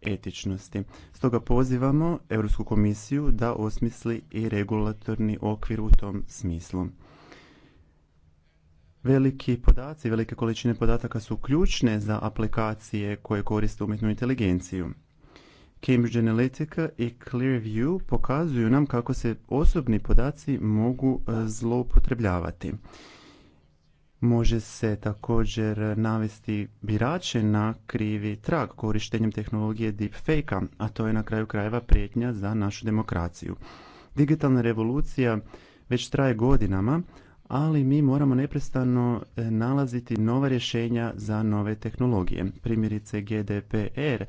etičnosti. Stoga pozivamo Europsku komisiju da osmisli i regulatorni okvir u tom smislu. Veliki podaci, velike količine podataka su ključne za aplikacije koje koriste umjetnu inteligenciju. Cambridge Analytica i Clearview pokazuju nam kako se osobni podaci mogu e, zloupotrebljavati. Može se također navesti birače na krivi trag korištenjem tehnologije deepfake-a, a to je na kraju krajeva prijetnja za našu demokraciju. Digitalna revolucija već traje godinama, ali mi moramo neprestano e, nalaziti nova rješenja za nove tehnologije. Primjerice GDPR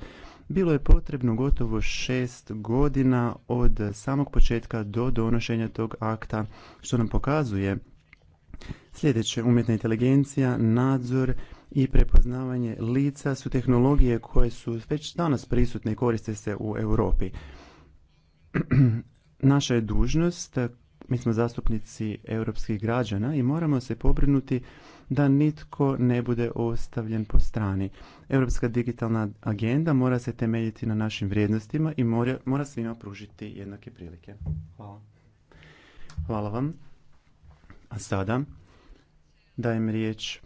bilo je potrebno gotovo šest godina od samog početka do donošenja tog akta, što nam pokazuje Sljedeće, umjetna inteligencija, nadzor i prepoznavanje lica su tehnologije koje su već danas prisutne i koriste se u Europi. Naša je dužnost, mi smo zastupnici europskih građana i moramo se pobrinuti da nitko ne bude ostavljen po strani. Europska digitalna agenda mora se temeljiti na našim vrijednostima i mora, svima pružiti jednake prilike. Hvala. Hvala vam. A sada dajem riječ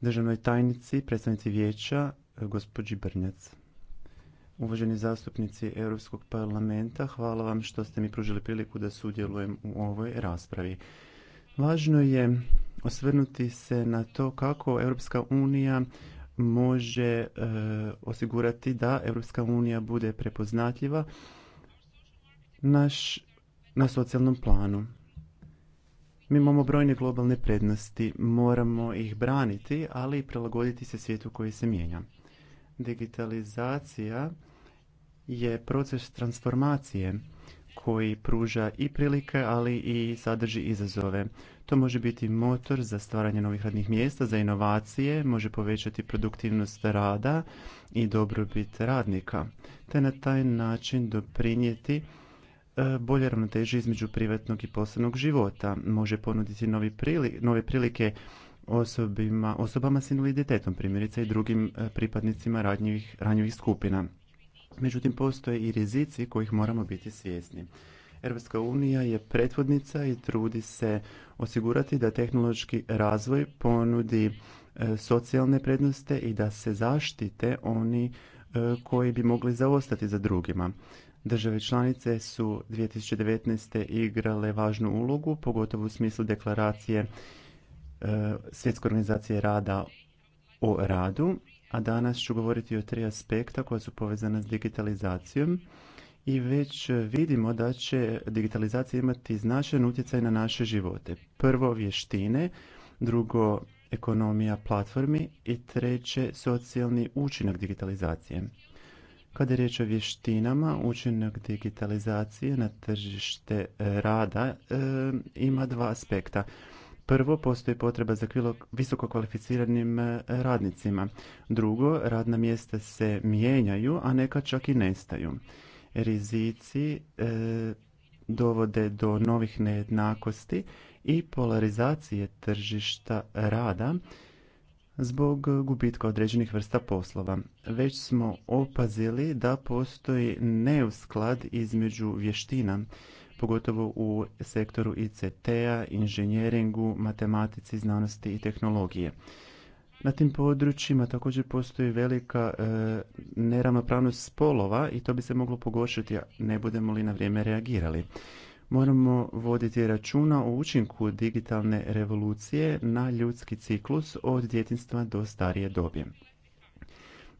državnoj tajnici, predstavnici vijeća, gospođi Brnjac. Uvaženi zastupnici Europskog parlamenta, hvala vam što ste mi pružili priliku da sudjelujem u ovoj raspravi. Važno je osvrnuti se na to kako Europska unija može e, osigurati da Europska unija bude prepoznatljiva. Naš na socijalnom planu. Mi imamo brojne globalne prednosti, moramo ih braniti, ali i prilagoditi se svijetu koji se mijenja. Digitalizacija je proces transformacije koji pruža i prilike, ali i sadrži izazove. To može biti motor za stvaranje novih radnih mjesta, za inovacije, može povećati produktivnost rada i dobrobit radnika, te na taj način doprinijeti bolje ravnoteže između privatnog i poslovnog života, može ponuditi novi nove prilike osobima, osobama s invaliditetom, primjerice i drugim e, pripadnicima ranjivih, ranjivih skupina. Međutim, postoje i rizici kojih moramo biti svjesni. Europska unija je pretvodnica i trudi se osigurati da tehnološki razvoj ponudi e, socijalne prednosti i da se zaštite oni e, koji bi mogli zaostati za drugima. Države članice su 2019. igrale važnu ulogu, pogotovo u smislu deklaracije e, Svjetske organizacije rada o radu, a danas ću govoriti o tri aspekta koja su povezana s digitalizacijom i već vidimo da će digitalizacija imati značajan utjecaj na naše živote. Prvo vještine, drugo ekonomija platformi i treće socijalni učinak digitalizacije. Kada je riječ o vještinama, učinak digitalizacije na tržište rada e, ima dva aspekta. Prvo, postoji potreba za visoko kvalificiranim e, radnicima. Drugo, radna mjesta se mijenjaju, a neka čak i nestaju. Rizici e, dovode do novih nejednakosti i polarizacije tržišta rada zbog e, gubitka određenih vrsta poslova. Već smo opazili da postoji neusklad između vještina, pogotovo u sektoru ICT-a, inženjeringu, matematici, znanosti i tehnologije. Na tim područjima također postoji velika e, neravnopravnost spolova i to bi se moglo pogoršati ne budemo li na vrijeme reagirali moramo voditi računa o učinku digitalne revolucije na ljudski ciklus od djetinstva do starije dobi.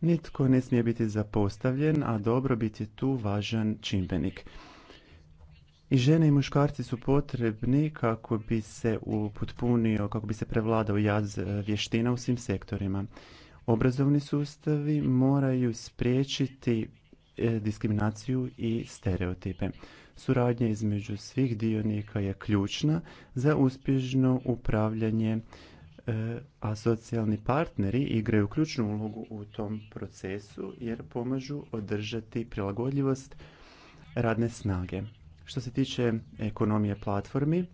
Nitko ne smije biti zapostavljen, a dobro biti tu važan čimbenik. I žene i muškarci su potrebni kako bi se upotpunio, kako bi se prevladao jaz vještina u svim sektorima. Obrazovni sustavi moraju spriječiti e, diskriminaciju i stereotipe. Suradnja između svih dionika je ključna za uspješno upravljanje e, a socijalni partneri igraju ključnu ulogu u tom procesu jer pomažu održati prilagodljivost radne snage. Što se tiče ekonomije platformi,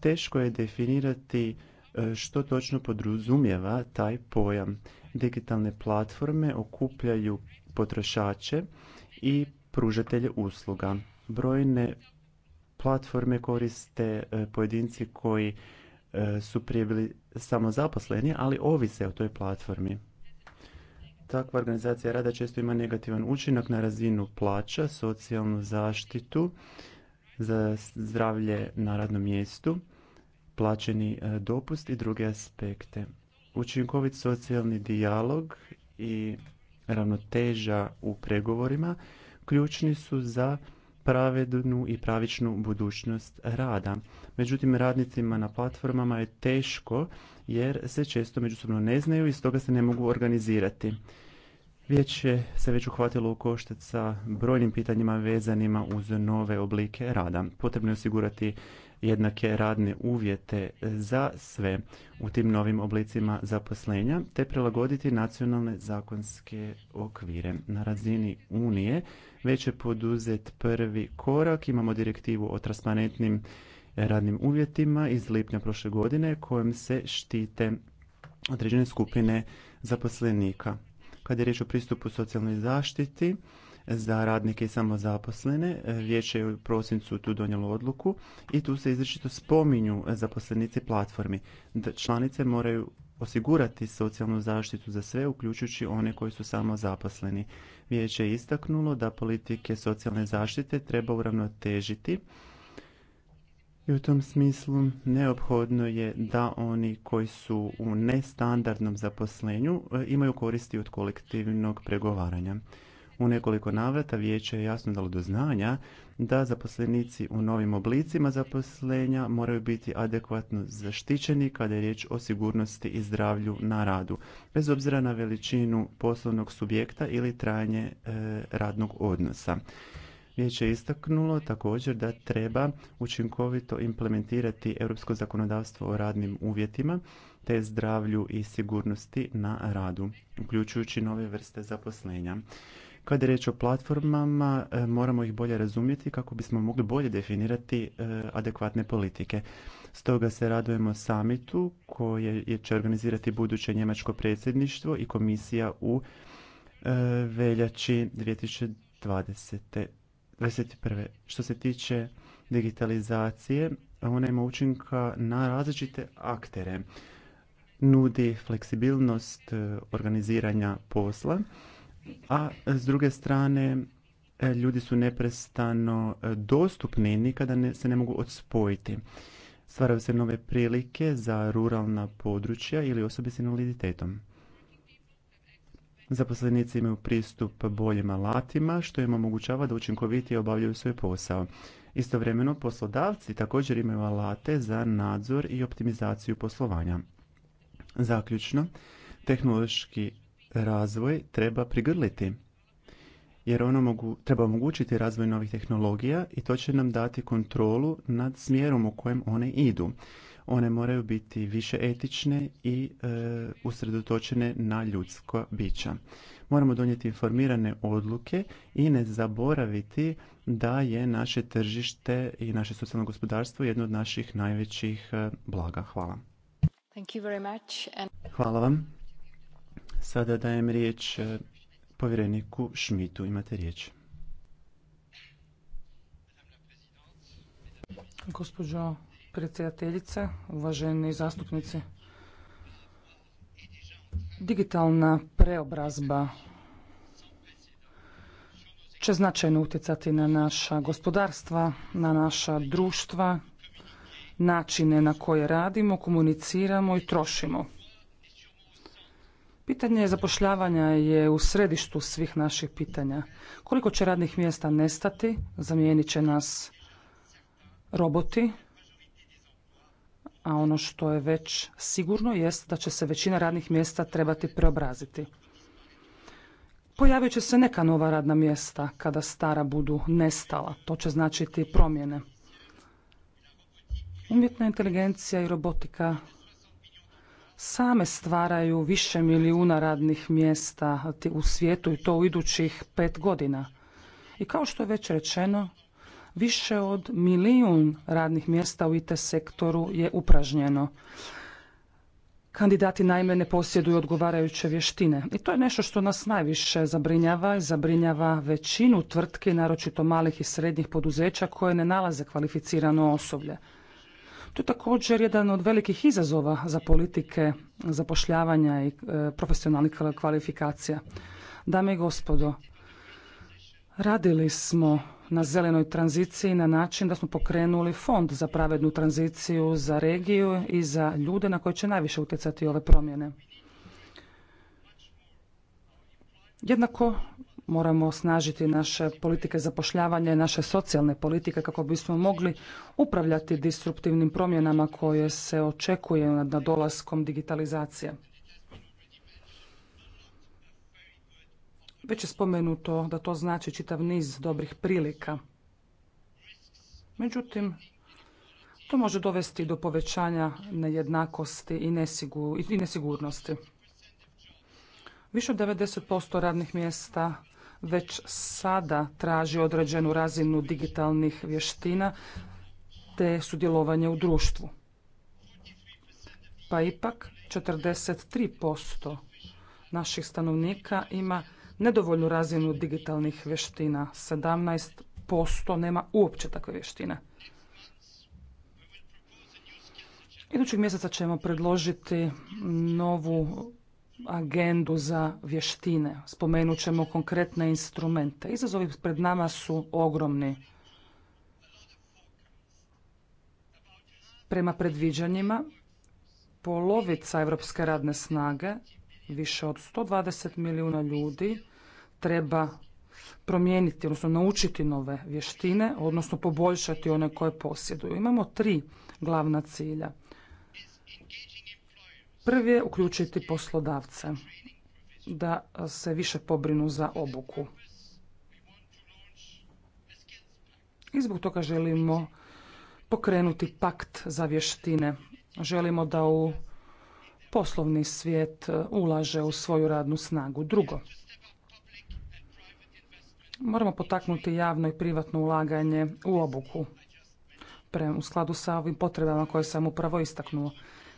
teško je definirati e, što točno podrazumijeva taj pojam. Digitalne platforme okupljaju potrošače i pružatelje usluga brojne platforme koriste e, pojedinci koji e, su prije bili samozaposleni, ali ovise o toj platformi. Takva organizacija rada često ima negativan učinak na razinu plaća, socijalnu zaštitu, za zdravlje na radnom mjestu, plaćeni e, dopust i druge aspekte. Učinkovit socijalni dijalog i ravnoteža u pregovorima ključni su za pravednu i pravičnu budućnost rada. Međutim, radnicima na platformama je teško jer se često međusobno ne znaju i stoga se ne mogu organizirati. je se već uhvatilo u koštac sa brojnim pitanjima vezanima uz nove oblike rada. Potrebno je osigurati jednake radne uvjete za sve u tim novim oblicima zaposlenja te prilagoditi nacionalne zakonske okvire. Na razini Unije već je poduzet prvi korak. Imamo direktivu o transparentnim radnim uvjetima iz lipnja prošle godine kojom se štite određene skupine zaposlenika. Kad je riječ o pristupu socijalnoj zaštiti, za radnike i samozaposlene. Vijeće je u prosincu tu donijelo odluku i tu se izričito spominju zaposlenici platformi. Članice moraju osigurati socijalnu zaštitu za sve, uključujući one koji su samozaposleni. Vijeće je istaknulo da politike socijalne zaštite treba uravnotežiti i u tom smislu neophodno je da oni koji su u nestandardnom zaposlenju e, imaju koristi od kolektivnog pregovaranja. U nekoliko navrata vijeće je jasno dalo do znanja da zaposlenici u novim oblicima zaposlenja moraju biti adekvatno zaštićeni kada je riječ o sigurnosti i zdravlju na radu, bez obzira na veličinu poslovnog subjekta ili trajanje e, radnog odnosa. Vijeće je istaknulo također da treba učinkovito implementirati europsko zakonodavstvo o radnim uvjetima te zdravlju i sigurnosti na radu, uključujući nove vrste zaposlenja. Kada je riječ o platformama, e, moramo ih bolje razumjeti kako bismo mogli bolje definirati e, adekvatne politike. Stoga se radujemo samitu koje će organizirati buduće njemačko predsjedništvo i komisija u e, veljači 2020. 21. Što se tiče digitalizacije, ona ima učinka na različite aktere. Nudi fleksibilnost organiziranja posla, a s druge strane e, ljudi su neprestano e, dostupni, nikada se ne mogu odspojiti. Stvaraju se nove prilike za ruralna područja ili osobe s invaliditetom. Zaposlenici imaju pristup boljim alatima, što im omogućava da učinkovitije obavljaju svoj posao. Istovremeno, poslodavci također imaju alate za nadzor i optimizaciju poslovanja. Zaključno, tehnološki razvoj treba prigrliti jer ono mogu, treba omogućiti razvoj novih tehnologija i to će nam dati kontrolu nad smjerom u kojem one idu. One moraju biti više etične i e, usredotočene na ljudsko bića. Moramo donijeti informirane odluke i ne zaboraviti da je naše tržište i naše socijalno gospodarstvo jedno od naših najvećih e, blaga. Hvala. Thank you very much Hvala vam. Sada dajem riječ e, povjereniku Šmitu. Imate riječ. Gospođo predsjedateljice, uvaženi zastupnici, digitalna preobrazba će značajno utjecati na naša gospodarstva, na naša društva, načine na koje radimo, komuniciramo i trošimo. Pitanje zapošljavanja je u središtu svih naših pitanja. Koliko će radnih mjesta nestati, zamijenit će nas roboti, a ono što je već sigurno jest da će se većina radnih mjesta trebati preobraziti. Pojavit će se neka nova radna mjesta kada stara budu nestala. To će značiti promjene. Umjetna inteligencija i robotika same stvaraju više milijuna radnih mjesta u svijetu i to u idućih pet godina. I kao što je već rečeno, više od milijun radnih mjesta u IT sektoru je upražnjeno. Kandidati najmene ne posjeduju odgovarajuće vještine i to je nešto što nas najviše zabrinjava i zabrinjava većinu tvrtki, naročito malih i srednjih poduzeća koje ne nalaze kvalificirano osoblje. To je također jedan od velikih izazova za politike zapošljavanja i e, profesionalnih kvalifikacija. Dame i gospodo, radili smo na zelenoj tranziciji na način da smo pokrenuli fond za pravednu tranziciju za regiju i za ljude na koje će najviše utjecati ove promjene. Jednako moramo osnažiti naše politike zapošljavanja i naše socijalne politike kako bismo mogli upravljati disruptivnim promjenama koje se očekuje nad dolaskom digitalizacije. Već je spomenuto da to znači čitav niz dobrih prilika. Međutim, to može dovesti do povećanja nejednakosti i nesigurnosti. Više od 90% radnih mjesta već sada traži određenu razinu digitalnih vještina te sudjelovanje u društvu. Pa ipak 43% naših stanovnika ima nedovoljnu razinu digitalnih vještina, 17% nema uopće takve vještine. Idućeg mjeseca ćemo predložiti novu agendu za vještine. Spomenut ćemo konkretne instrumente. Izazovi pred nama su ogromni. Prema predviđanjima, polovica evropske radne snage, više od 120 milijuna ljudi, treba promijeniti, odnosno naučiti nove vještine, odnosno poboljšati one koje posjeduju. Imamo tri glavna cilja. Prvi je uključiti poslodavce da se više pobrinu za obuku. I zbog toga želimo pokrenuti pakt za vještine. Želimo da u poslovni svijet ulaže u svoju radnu snagu. Drugo, moramo potaknuti javno i privatno ulaganje u obuku u skladu sa ovim potrebama koje sam upravo istaknuo.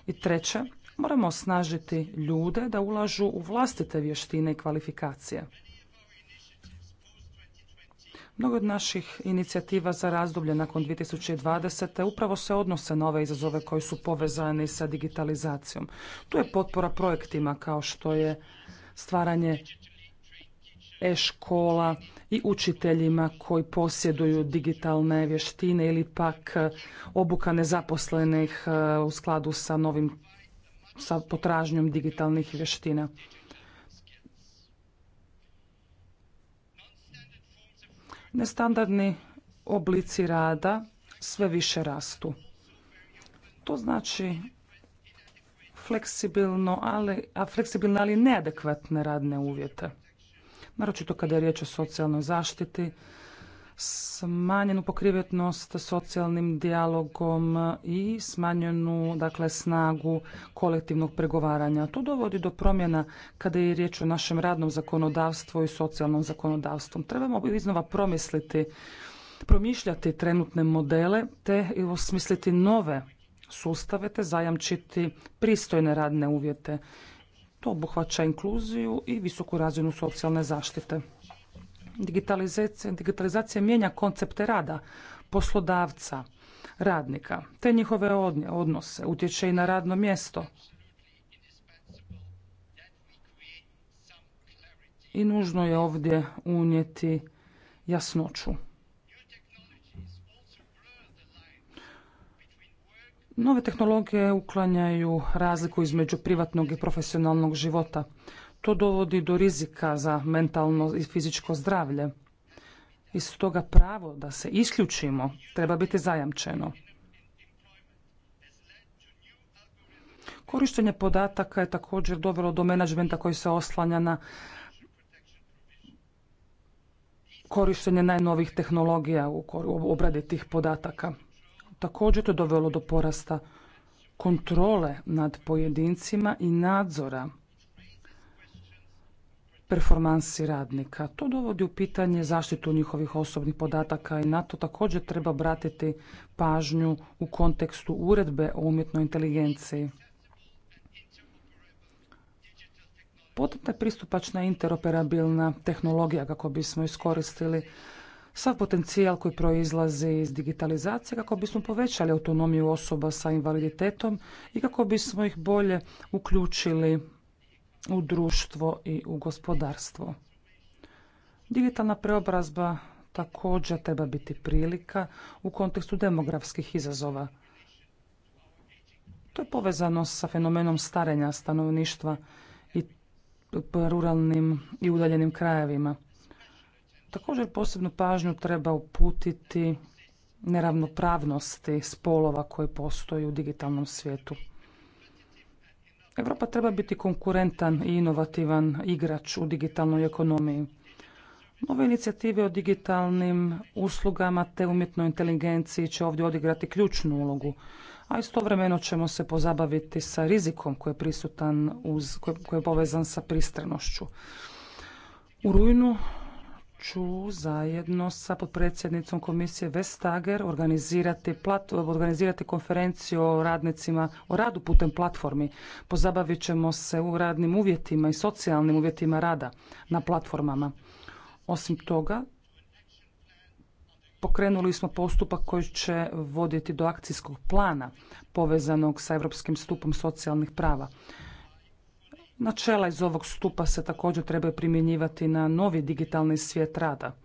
I treće, Moramo osnažiti ljude da ulažu u vlastite vještine i kvalifikacije. Mnogo od naših inicijativa za razdoblje nakon 2020. upravo se odnose na ove izazove koji su povezani sa digitalizacijom. Tu je potpora projektima kao što je stvaranje e-škola i učiteljima koji posjeduju digitalne vještine ili pak obuka nezaposlenih e, u skladu sa novim sa potražnjom digitalnih vještina. Nestandardni oblici rada sve više rastu. To znači fleksibilno, ali, a fleksibilno, ali neadekvatne radne uvjete. Naročito kada je riječ o socijalnoj zaštiti, smanjenu pokrivetnost socijalnim dijalogom i smanjenu dakle snagu kolektivnog pregovaranja. To dovodi do promjena kada je riječ o našem radnom zakonodavstvu i socijalnom zakonodavstvu. Trebamo iznova promisliti, promišljati trenutne modele te osmisliti nove sustave te zajamčiti pristojne radne uvjete. To obuhvaća inkluziju i visoku razinu socijalne zaštite. Digitalizacija, digitalizacija mijenja koncepte rada poslodavca, radnika, te njihove odnose, utječe i na radno mjesto. I nužno je ovdje unijeti jasnoću. Nove tehnologije uklanjaju razliku između privatnog i profesionalnog života to dovodi do rizika za mentalno i fizičko zdravlje. I stoga pravo da se isključimo treba biti zajamčeno. Korištenje podataka je također dovelo do menadžmenta koji se oslanja na korištenje najnovih tehnologija u obradi tih podataka. Također to je dovelo do porasta kontrole nad pojedincima i nadzora performansi radnika. To dovodi u pitanje zaštitu njihovih osobnih podataka i na to također treba bratiti pažnju u kontekstu uredbe o umjetnoj inteligenciji. Potrebna je pristupačna interoperabilna tehnologija kako bismo iskoristili sav potencijal koji proizlazi iz digitalizacije kako bismo povećali autonomiju osoba sa invaliditetom i kako bismo ih bolje uključili u društvo i u gospodarstvo. Digitalna preobrazba također treba biti prilika u kontekstu demografskih izazova. To je povezano sa fenomenom starenja stanovništva i ruralnim i udaljenim krajevima. Također posebnu pažnju treba uputiti neravnopravnosti spolova koje postoji u digitalnom svijetu. Europa treba biti konkurentan i inovativan igrač u digitalnoj ekonomiji. Nove inicijative o digitalnim uslugama te umjetnoj inteligenciji će ovdje odigrati ključnu ulogu, a istovremeno ćemo se pozabaviti sa rizikom koji je prisutan uz, koji je povezan sa pristranošću. U rujnu ću zajedno sa potpredsjednicom komisije Vestager organizirati, plat, organizirati konferenciju o radnicima, o radu putem platformi. Pozabavit ćemo se u radnim uvjetima i socijalnim uvjetima rada na platformama. Osim toga, pokrenuli smo postupak koji će voditi do akcijskog plana povezanog sa Europskim stupom socijalnih prava. Načela iz ovog stupa se također treba primjenjivati na novi digitalni svijet rada.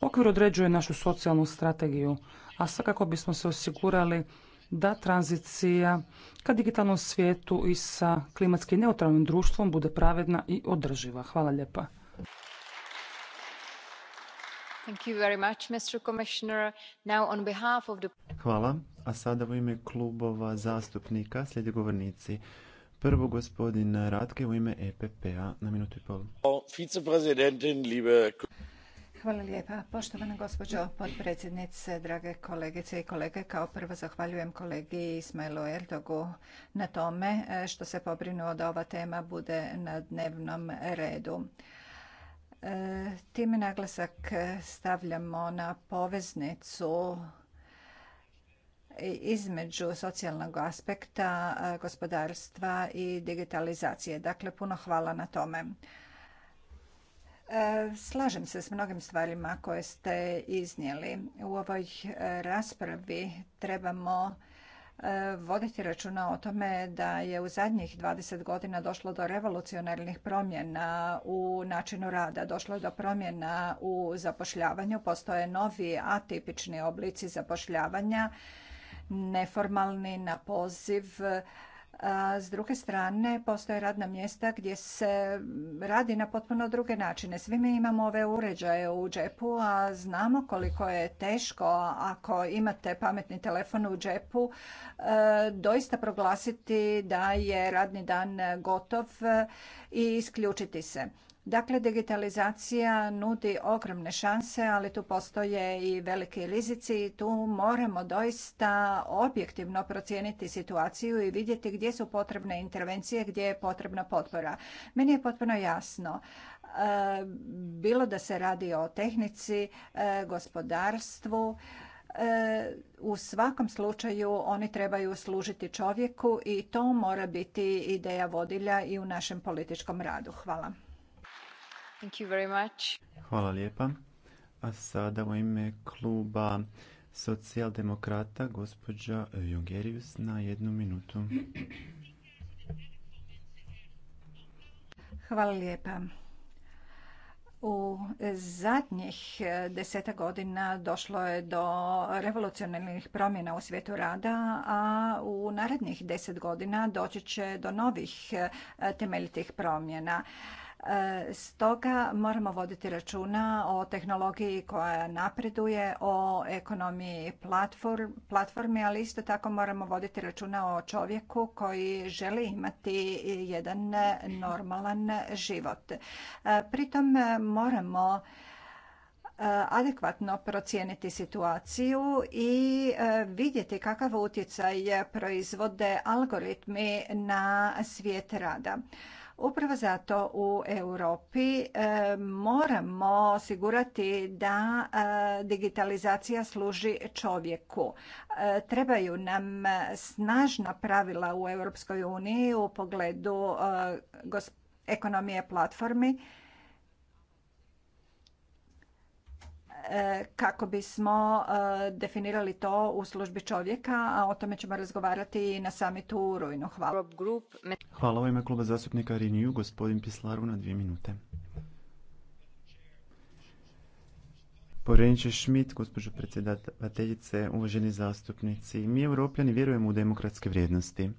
Okvir određuje našu socijalnu strategiju, a svakako bismo se osigurali da tranzicija ka digitalnom svijetu i sa klimatski neutralnim društvom bude pravedna i održiva. Hvala lijepa. Hvala. A sada u ime klubova zastupnika slijedi govornici. Prvo gospodin Ratke u ime EPP-a na minutu i pol. Hvala lijepa. Poštovana gospođo potpredsjednice, drage kolegice i kolege, kao prvo zahvaljujem kolegi Ismailu Erdogu na tome e, što se pobrinuo da ova tema bude na dnevnom redu. E, time naglasak stavljamo na poveznicu između socijalnog aspekta gospodarstva i digitalizacije. Dakle, puno hvala na tome. E, slažem se s mnogim stvarima koje ste iznijeli. U ovoj e, raspravi trebamo e, voditi računa o tome da je u zadnjih 20 godina došlo do revolucionarnih promjena u načinu rada, došlo je do promjena u zapošljavanju, postoje novi atipični oblici zapošljavanja neformalni na poziv. A s druge strane, postoje radna mjesta gdje se radi na potpuno druge načine. Svi mi imamo ove uređaje u džepu, a znamo koliko je teško ako imate pametni telefon u džepu, doista proglasiti da je radni dan gotov i isključiti se. Dakle, digitalizacija nudi ogromne šanse, ali tu postoje i veliki rizici i tu moramo doista objektivno procijeniti situaciju i vidjeti gdje su potrebne intervencije, gdje je potrebna potpora. Meni je potpuno jasno e, bilo da se radi o tehnici, e, gospodarstvu, e, u svakom slučaju oni trebaju služiti čovjeku i to mora biti ideja vodilja i u našem političkom radu. Hvala. Thank you very much. Hvala lijepa. A sada u ime kluba socijaldemokrata gospođa Jungerius na jednu minutu. Hvala lijepa. U zadnjih deseta godina došlo je do revolucionarnih promjena u svijetu rada, a u narednih deset godina doći će do novih temeljitih promjena. Stoga moramo voditi računa o tehnologiji koja napreduje, o ekonomiji platformi, ali isto tako moramo voditi računa o čovjeku koji želi imati jedan normalan život. Pritom moramo e, adekvatno procijeniti situaciju i e, vidjeti kakav utjecaj proizvode algoritmi na svijet rada. Upravo zato u Europi e, moramo osigurati da e, digitalizacija služi čovjeku. E, trebaju nam snažna pravila u Europskoj uniji u pogledu ekonomije platformi kako bismo eh, definirali to u službi čovjeka, a o tome ćemo razgovarati i na samitu u Rujnu. Hvala. Hvala u ime kluba zastupnika Renew, gospodin Pislaru na dvije minute. Povrjeniče Schmidt, gospođo predsjedateljice, uvaženi zastupnici, mi europljani vjerujemo u demokratske vrijednosti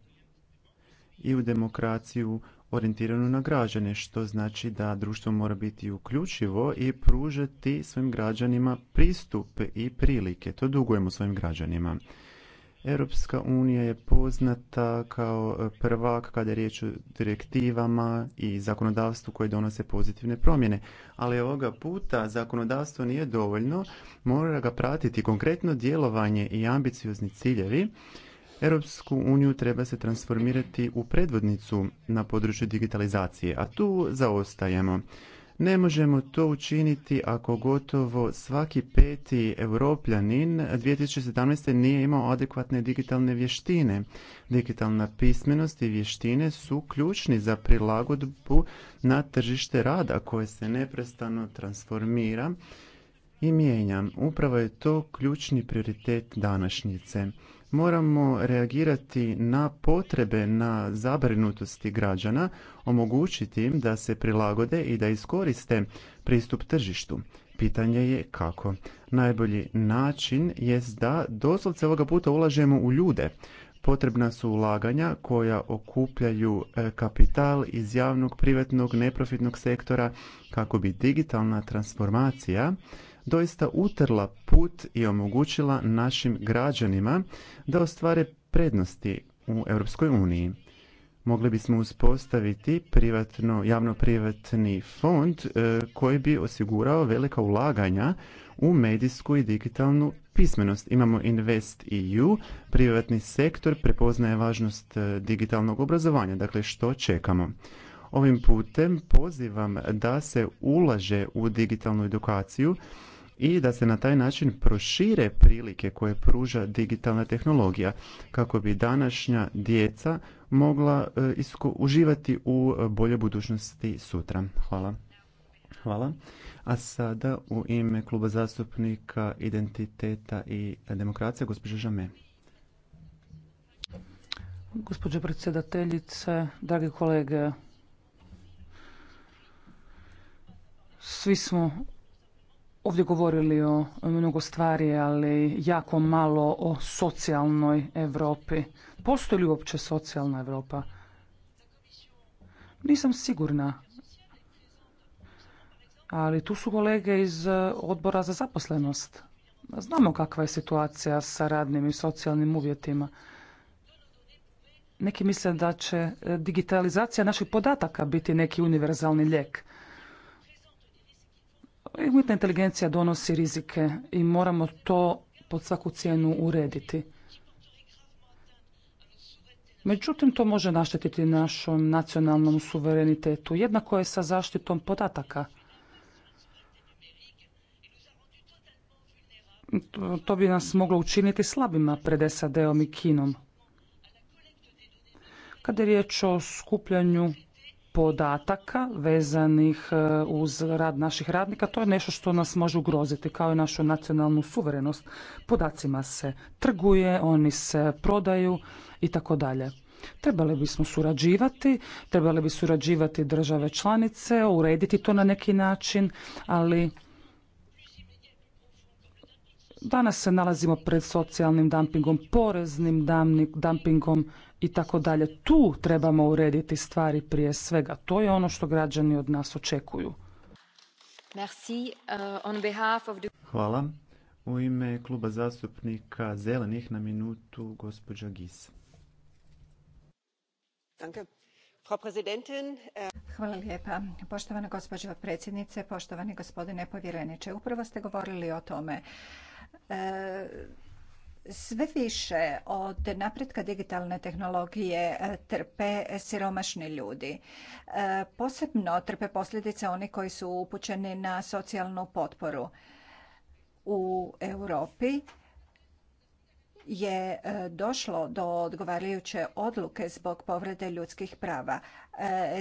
i u demokraciju orijentirano na građane, što znači da društvo mora biti uključivo i pružati svojim građanima pristup i prilike. To dugujemo svojim građanima. Europska unija je poznata kao prvak kada je riječ o direktivama i zakonodavstvu koje donose pozitivne promjene. Ali ovoga puta zakonodavstvo nije dovoljno, mora ga pratiti konkretno djelovanje i ambiciozni ciljevi Europsku uniju treba se transformirati u predvodnicu na području digitalizacije, a tu zaostajemo. Ne možemo to učiniti ako gotovo svaki peti europljanin 2017. nije imao adekvatne digitalne vještine. Digitalna pismenost i vještine su ključni za prilagodbu na tržište rada koje se neprestano transformira i mijenja. Upravo je to ključni prioritet današnjice moramo reagirati na potrebe, na zabrinutosti građana, omogućiti im da se prilagode i da iskoriste pristup tržištu. Pitanje je kako. Najbolji način jest da doslovce ovoga puta ulažemo u ljude. Potrebna su ulaganja koja okupljaju e, kapital iz javnog, privatnog, neprofitnog sektora kako bi digitalna transformacija doista utrla put i omogućila našim građanima da ostvare prednosti u Europskoj uniji. Mogli bismo uspostaviti privatno, javno-privatni fond e, koji bi osigurao velika ulaganja u medijsku i digitalnu pismenost. Imamo Invest EU, privatni sektor prepoznaje važnost e, digitalnog obrazovanja, dakle što čekamo. Ovim putem pozivam da se ulaže u digitalnu edukaciju i da se na taj način prošire prilike koje pruža digitalna tehnologija kako bi današnja djeca mogla e, uživati u boljoj budućnosti sutra. Hvala. Hvala. A sada u ime Kluba zastupnika Identiteta i demokracije gospođa Žame. Gospođo predsjedateljice, dragi kolege, svi smo ovdje govorili o mnogo stvari, ali jako malo o socijalnoj Europi. Postoji li uopće socijalna Europa? Nisam sigurna. Ali tu su kolege iz odbora za zaposlenost. Znamo kakva je situacija sa radnim i socijalnim uvjetima. Neki misle da će digitalizacija naših podataka biti neki univerzalni lijek. Umjetna inteligencija donosi rizike i moramo to pod svaku cijenu urediti. Međutim, to može naštetiti našom nacionalnom suverenitetu. Jednako je sa zaštitom podataka. To bi nas moglo učiniti slabima pred SAD-om i Kinom. Kada je riječ o skupljanju podataka vezanih e, uz rad naših radnika, to je nešto što nas može ugroziti kao i našu nacionalnu suverenost. Podacima se trguje, oni se prodaju i tako dalje. Trebali bismo surađivati, trebali bi surađivati države članice, urediti to na neki način, ali danas se nalazimo pred socijalnim dumpingom, poreznim dumpingom, i tako dalje. Tu trebamo urediti stvari prije svega. To je ono što građani od nas očekuju. Merci. Uh, on Hvala. U ime kluba zastupnika Zelenih na minutu gospođa Gis. Danke. Äh, Hvala lijepa. Poštovana gospođo predsjednice, poštovani gospodine povjereniče, upravo ste govorili o tome. E, sve više od napretka digitalne tehnologije e, trpe siromašni ljudi. E, posebno trpe posljedice oni koji su upućeni na socijalnu potporu. U Europi je e, došlo do odgovarajuće odluke zbog povrede ljudskih prava,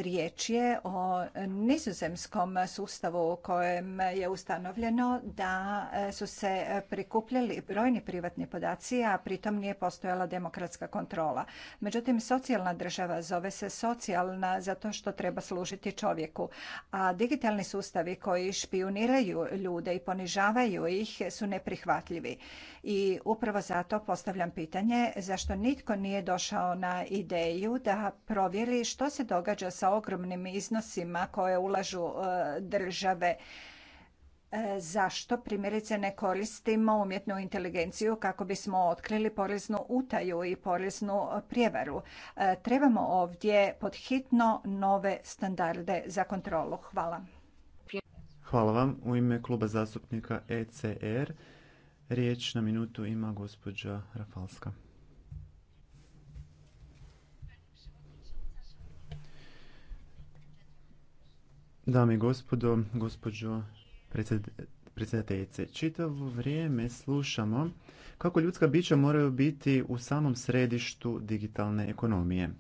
Riječ je o nizozemskom sustavu u kojem je ustanovljeno da su se prikupljali brojni privatni podaci, a pritom nije postojala demokratska kontrola. Međutim, socijalna država zove se socijalna zato što treba služiti čovjeku, a digitalni sustavi koji špioniraju ljude i ponižavaju ih su neprihvatljivi. I upravo zato postavljam pitanje zašto nitko nije došao na ideju da provjeri što se događa događa sa ogromnim iznosima koje ulažu e, države e, zašto primjerice ne koristimo umjetnu inteligenciju kako bismo otkrili poreznu utaju i poreznu prijevaru. E, trebamo ovdje hitno nove standarde za kontrolu. Hvala. Hvala vam. U ime kluba zastupnika ECR riječ na minutu ima gospođa Rafalska. Dame i gospodo, gospođo predsjedateljice, čitavo vrijeme slušamo kako ljudska bića moraju biti u samom središtu digitalne ekonomije.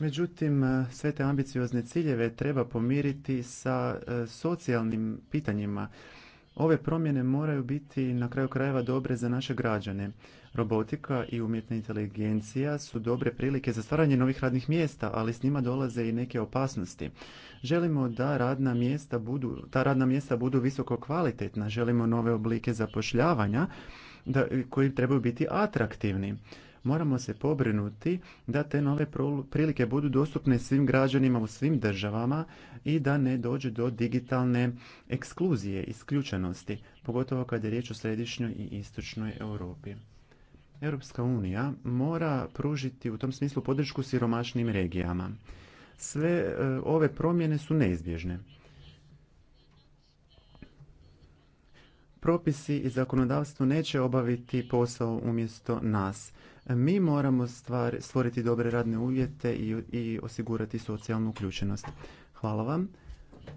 Međutim, sve te ambiciozne ciljeve treba pomiriti sa e, socijalnim pitanjima Ove promjene moraju biti na kraju krajeva dobre za naše građane. Robotika i umjetna inteligencija su dobre prilike za stvaranje novih radnih mjesta, ali s njima dolaze i neke opasnosti. Želimo da radna mjesta budu, ta radna mjesta budu visoko kvalitetna, želimo nove oblike zapošljavanja da, koji trebaju biti atraktivni. Moramo se pobrinuti da te nove prilike budu dostupne svim građanima u svim državama i da ne dođe do digitalne ekskluzije, isključenosti, pogotovo kada je riječ o središnjoj i istočnoj Europi. Europska unija mora pružiti u tom smislu podršku siromašnim regijama. Sve e, ove promjene su neizbježne. Propisi i zakonodavstvo neće obaviti posao umjesto nas. Mi moramo stvar, stvoriti dobre radne uvjete i, i osigurati socijalnu uključenost. Hvala vam.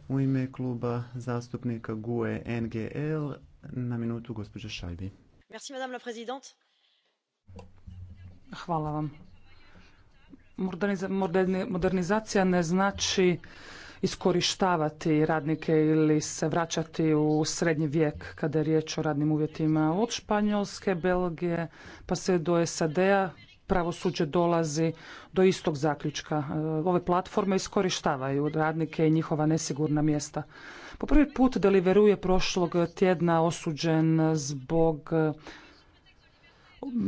U ime kluba zastupnika GUE NGL na minutu gospođa Šajbi. Merci, madame la présidente. Hvala vam. Modernizacija ne znači iskorištavati radnike ili se vraćati u srednji vijek kada je riječ o radnim uvjetima od Španjolske, Belgije pa sve do SAD-a pravosuđe dolazi do istog zaključka. E, ove platforme iskorištavaju radnike i njihova nesigurna mjesta. Po prvi put deliveruje prošlog tjedna osuđen zbog e,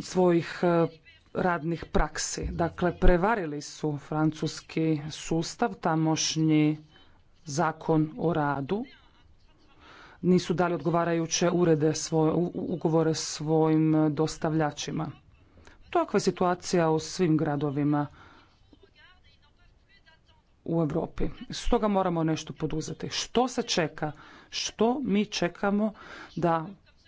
svojih e, radnih praksi. Dakle, prevarili su francuski sustav, tamošnji zakon o radu, nisu dali odgovarajuće urede svoje, ugovore svojim dostavljačima. Takva je situacija u svim gradovima u Europi. Stoga moramo nešto poduzeti. Što se čeka? Što mi čekamo da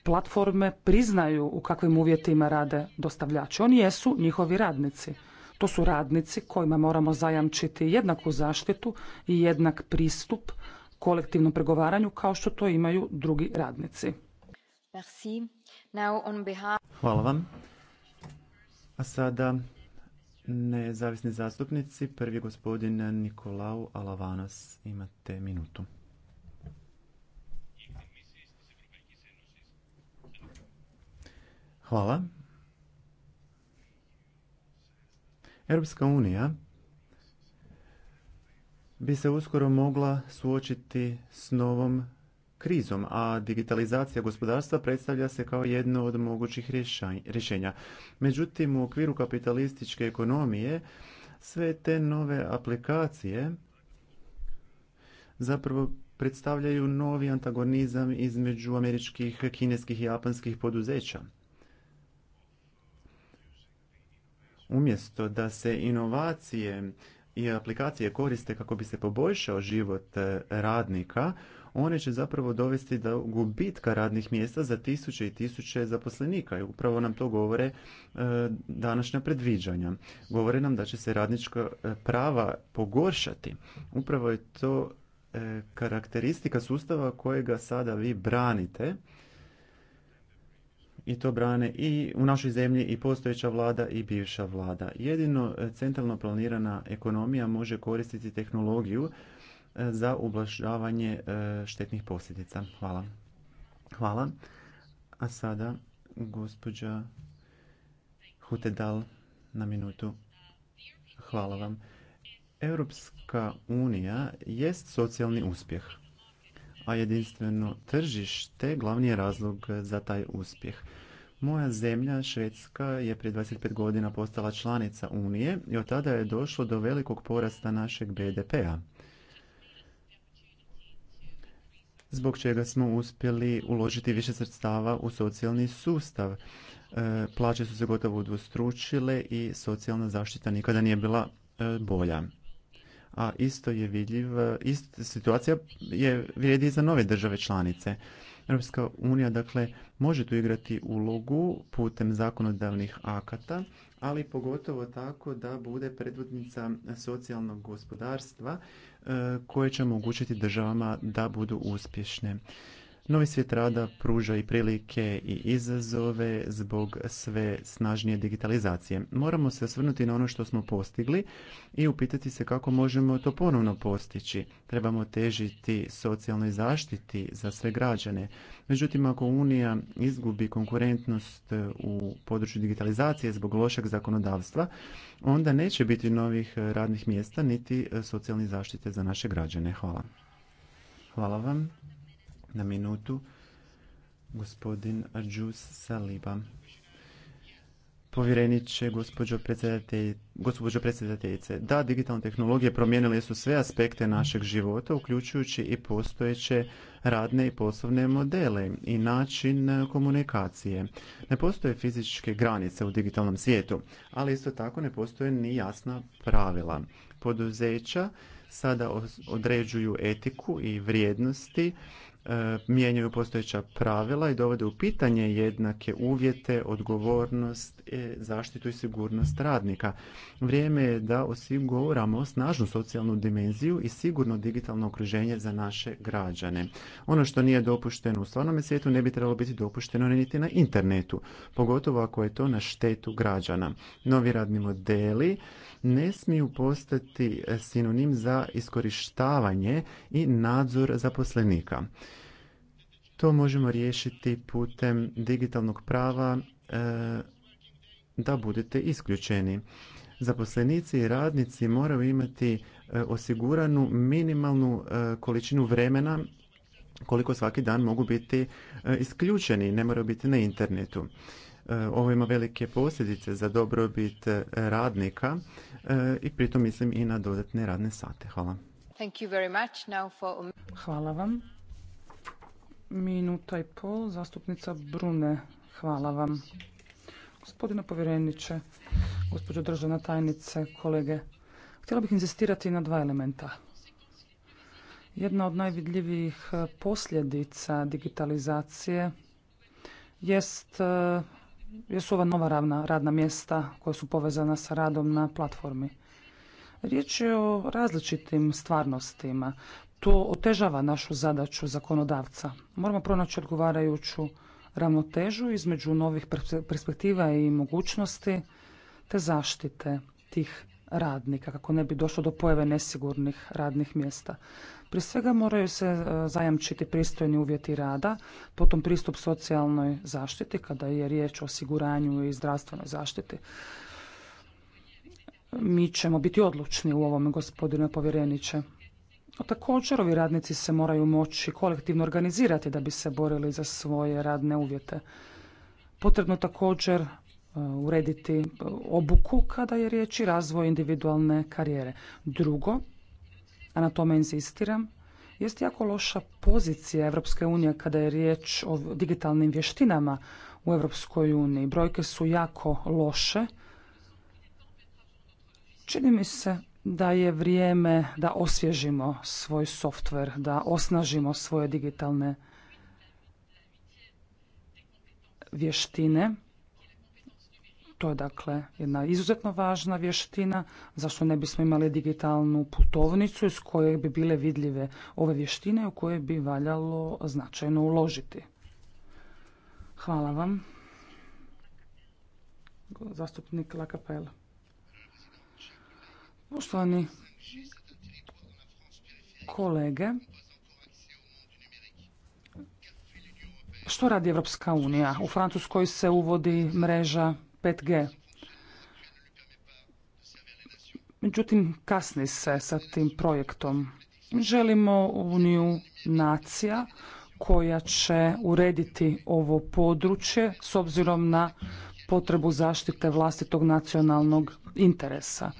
platforme priznaju u kakvim uvjetima rade dostavljači. Oni jesu njihovi radnici. To su radnici kojima moramo zajamčiti jednaku zaštitu i jednak pristup kolektivnom pregovaranju kao što to imaju drugi radnici. Hvala vam. A sada nezavisni zastupnici, prvi gospodin Nikolau Alavanos, imate minutu. Hvala. Europska unija bi se uskoro mogla suočiti s novom krizom, a digitalizacija gospodarstva predstavlja se kao jedno od mogućih rješenja. Međutim, u okviru kapitalističke ekonomije sve te nove aplikacije zapravo predstavljaju novi antagonizam između američkih, kineskih i japanskih poduzeća. Umjesto da se inovacije i aplikacije koriste kako bi se poboljšao život e, radnika, one će zapravo dovesti do gubitka radnih mjesta za tisuće i tisuće zaposlenika i upravo nam to govore e, današnja predviđanja. Govore nam da će se radnička e, prava pogoršati. Upravo je to e, karakteristika sustava kojega sada vi branite i to brane i u našoj zemlji i postojeća vlada i bivša vlada. Jedino e, centralno planirana ekonomija može koristiti tehnologiju e, za ublažavanje e, štetnih posljedica. Hvala. Hvala. A sada gospođa Hutedal na minutu. Hvala vam. Europska unija jest socijalni uspjeh a jedinstveno tržište glavni je razlog za taj uspjeh. Moja zemlja, Švedska, je prije 25 godina postala članica Unije i od tada je došlo do velikog porasta našeg BDP-a. Zbog čega smo uspjeli uložiti više sredstava u socijalni sustav. E, plaće su se gotovo udvostručile i socijalna zaštita nikada nije bila e, bolja a isto je vidljiv, e, ista situacija je vrijedi i za nove države članice. Europska unija dakle može tu igrati ulogu putem zakonodavnih akata, ali pogotovo tako da bude predvodnica socijalnog gospodarstva e, koje će omogućiti državama da budu uspješne. Novi svijet rada pruža i prilike i izazove zbog sve snažnije digitalizacije. Moramo se osvrnuti na ono što smo postigli i upitati se kako možemo to ponovno postići. Trebamo težiti socijalnoj zaštiti za sve građane. Međutim, ako Unija izgubi konkurentnost u području digitalizacije zbog lošeg zakonodavstva, onda neće biti novih radnih mjesta niti socijalne zaštite za naše građane. Hvala. Hvala vam na minutu gospodin Arđus Saliba. Povjereniče, gospođo predsjedateljice, da, digitalne tehnologije promijenile su sve aspekte našeg života, uključujući i postojeće radne i poslovne modele i način komunikacije. Ne postoje fizičke granice u digitalnom svijetu, ali isto tako ne postoje ni jasna pravila. Poduzeća sada određuju etiku i vrijednosti E, mijenjaju postojeća pravila i dovode u pitanje jednake uvjete, odgovornost, e, zaštitu i sigurnost radnika. Vrijeme je da osiguramo snažnu socijalnu dimenziju i sigurno digitalno okruženje za naše građane. Ono što nije dopušteno u stvarnom svijetu ne bi trebalo biti dopušteno niti na internetu, pogotovo ako je to na štetu građana. Novi radni modeli ne smiju postati sinonim za iskorištavanje i nadzor zaposlenika. To možemo riješiti putem digitalnog prava e, da budete isključeni. Zaposlenici i radnici moraju imati e, osiguranu minimalnu e, količinu vremena koliko svaki dan mogu biti isključeni, ne moraju biti na internetu. Ovo ima velike posljedice za dobrobit radnika i pritom mislim i na dodatne radne sate. Hvala. Hvala vam. Minuta i pol, zastupnica Brune. Hvala vam. Gospodine povjereniče, gospođo državna tajnice, kolege, htjela bih inzistirati na dva elementa. Jedna od najvidljivijih e, posljedica digitalizacije jest, e, jesu ova nova ravna, radna mjesta koja su povezana sa radom na platformi. Riječ je o različitim stvarnostima to otežava našu zadaću zakonodavca. Moramo pronaći odgovarajuću ravnotežu između novih perspektiva i mogućnosti te zaštite tih radnika kako ne bi došlo do pojave nesigurnih radnih mjesta. Prije svega moraju se e, zajamčiti pristojni uvjeti rada, potom pristup socijalnoj zaštiti kada je riječ o osiguranju i zdravstvenoj zaštiti. Mi ćemo biti odlučni u ovome, gospodine povjereniče. No, također ovi radnici se moraju moći kolektivno organizirati da bi se borili za svoje radne uvjete. Potrebno također e, urediti e, obuku kada je riječ i razvoj individualne karijere. Drugo, a na tome insistiram, jest jako loša pozicija Europske unije kada je riječ o digitalnim vještinama u Europskoj uniji. Brojke su jako loše. Čini mi se da je vrijeme da osvježimo svoj softver, da osnažimo svoje digitalne vještine. To je dakle jedna izuzetno važna vještina. Zašto ne bismo imali digitalnu putovnicu iz koje bi bile vidljive ove vještine u koje bi valjalo značajno uložiti? Hvala vam. Zastupnik Lakapela. Poštovani kolege, što radi Evropska unija? U Francuskoj se uvodi mreža 5G. Međutim, kasni se sa tim projektom. Želimo uniju nacija koja će urediti ovo područje s obzirom na potrebu zaštite vlastitog nacionalnog interesa.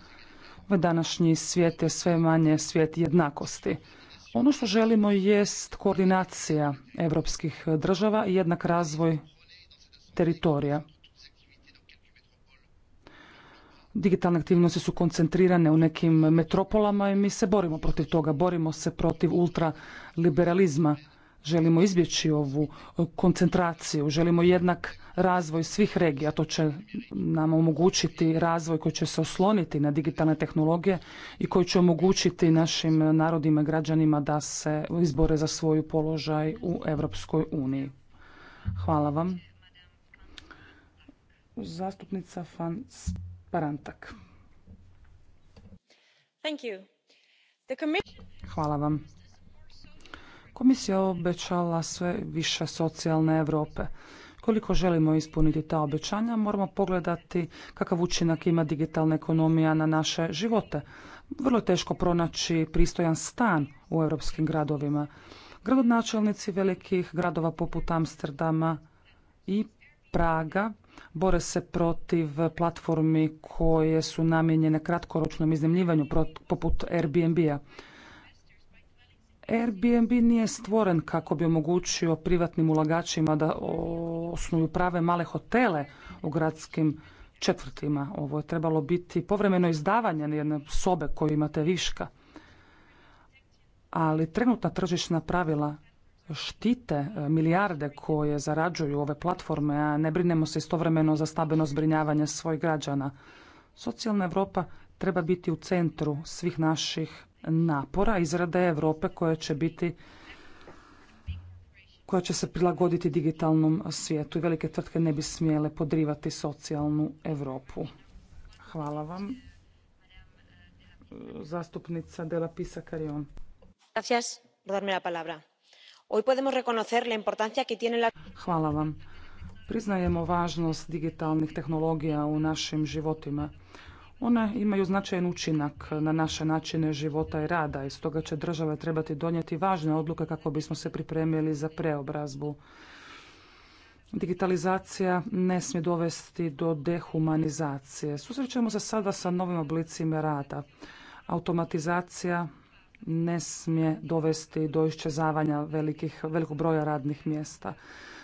V današnji svijet je sve manje svijet jednakosti. Ono što želimo jest koordinacija europskih država i jednak razvoj teritorija. Digitalne aktivnosti su koncentrirane u nekim metropolama i mi se borimo protiv toga. Borimo se protiv ultraliberalizma Želimo izbjeći ovu e, koncentraciju, želimo jednak razvoj svih regija. To će nam omogućiti razvoj koji će se osloniti na digitalne tehnologije i koji će omogućiti našim narodima i građanima da se izbore za svoj položaj u Europskoj uniji. Hvala vam. Zastupnica Fan Parantak. Hvala vam. Komisija obećala sve više socijalne Europe. Koliko želimo ispuniti ta obećanja, moramo pogledati kakav učinak ima digitalna ekonomija na naše živote. Vrlo teško pronaći pristojan stan u europskim gradovima. Gradonačelnici velikih gradova poput Amsterdama i Praga bore se protiv platformi koje su namijenjene kratkoročnom iznajmljivanju poput Airbnb-a. Airbnb nije stvoren kako bi omogućio privatnim ulagačima da osnuju prave male hotele u gradskim četvrtima. Ovo je trebalo biti povremeno izdavanje jedne sobe koju imate viška. Ali trenutna tržišna pravila štite e, milijarde koje zarađuju ove platforme, a ne brinemo se istovremeno za stabilno zbrinjavanje svojih građana. Socijalna Europa treba biti u centru svih naših napora izrade Europe koja će biti koja će se prilagoditi digitalnom svijetu i velike tvrtke ne bi smjele podrivati socijalnu Europu. Hvala vam. Zastupnica Dela Pisa Carion. Gracias por darme la palabra. Hoy podemos reconocer la importancia que tiene la... Hvala vam. Priznajemo važnost digitalnih tehnologija u našim životima. One imaju značajan učinak na naše načine života i rada i stoga će država trebati donijeti važne odluke kako bismo se pripremili za preobrazbu. Digitalizacija ne smije dovesti do dehumanizacije. Susrećemo se sada sa novim oblicima rada. Automatizacija ne smije dovesti do iščezavanja velikih, velikog broja radnih mjesta.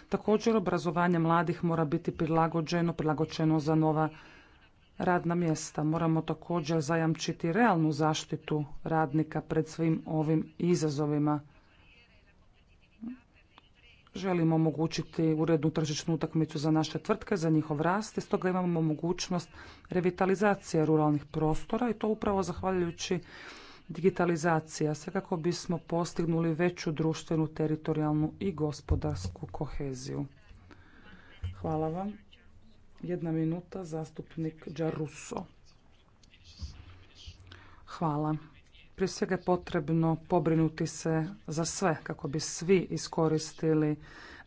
Također, obrazovanje mladih mora biti prilagođeno, prilagođeno za nova radna mjesta. Moramo također zajamčiti realnu zaštitu radnika pred svim ovim izazovima. Želimo omogućiti urednu tržišnu utakmicu za naše tvrtke, za njihov rast i stoga imamo mogućnost revitalizacije ruralnih prostora i to upravo zahvaljujući digitalizacija, sve kako bismo postignuli veću društvenu, teritorijalnu i gospodarsku koheziju. Hvala vam. Jedna minuta, zastupnik Đaruso. Hvala. Prije svega je potrebno pobrinuti se za sve kako bi svi iskoristili